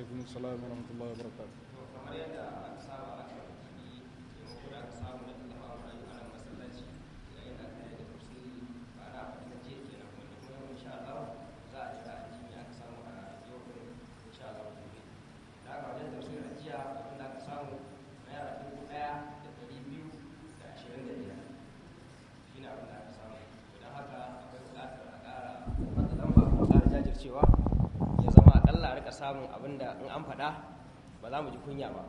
alaikum salam wa rahmatullahi wa barakatuh kamar yadda jiya da biyu aka jajircewa rika samun abin da in an faɗa ba za mu ji kunya ba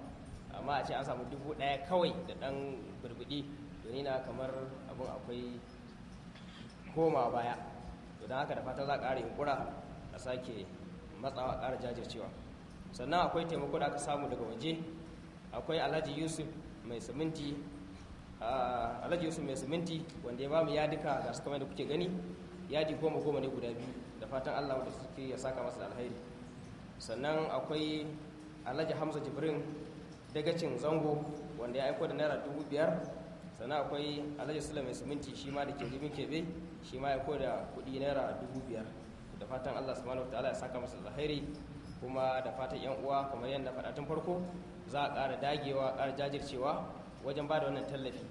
amma a ce an samu dubu ɗaya kawai da ɗan burbuɗi don na kamar abin akwai koma baya to don haka da fata za a ƙara yunkura a sake matsawa a ƙara jajircewa sannan akwai taimako da aka samu daga waje akwai alhaji yusuf mai siminti alhaji yusuf mai siminti wanda ya ba mu yadika ga su kamar da kuke gani yadi goma goma ne guda biyu da fatan allah da suke ya saka masa alheri sannan akwai alhaji hamza jibrin dagacin zango wanda ya aiko da naira dubu biyar sannan akwai alhaji sula mai siminti shi ma da ke jimin kebe shi ma ya aiko da kuɗi naira dubu biyar da fatan allah subhanahu ta'ala ya saka masa Zahiri kuma da fatan yan uwa kamar yadda tun farko za a ƙara dagewa ƙara jajircewa wajen ba da wannan tallafi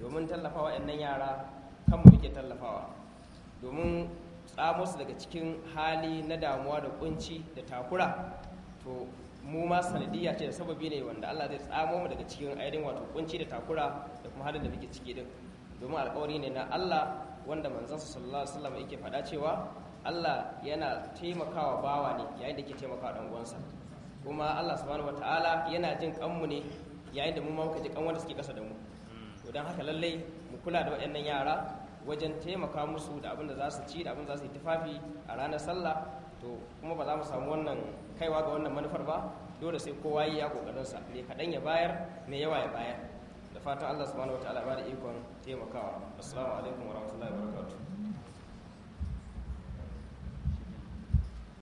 domin tallafawa 'yan yara kan mu muke tallafawa domin tsamo su daga cikin hali na damuwa da kunci da takura to mu ma sanadiyya ce da sababi ne wanda Allah zai tsamo mu daga cikin ainihin wato kunci da takura da kuma halin da muke ciki din domin alƙawari ne na Allah wanda manzon sallallahu alaihi wasallam yake faɗa cewa Allah yana taimakawa bawa ne yayin da yake taimakawa dan uwansa kuma Allah subhanahu wataala yana jin kanmu ne yayin da mu ma muka ji kan wanda suke kasa da mu to dan haka lallai mu kula da waɗannan yara wajen taimaka musu da abin da za su ci da abin da za su yi tufafi a ranar sallah to kuma ba za mu samu wannan kaiwa ga wannan manufar ba dole sai kowa yi ya kokarinsa ne kaɗan ya bayar mai yawa ya bayar da fatan allah subhanahu wa ta'ala ba ikon taimakawa assalamu alaikum wa rahmatullahi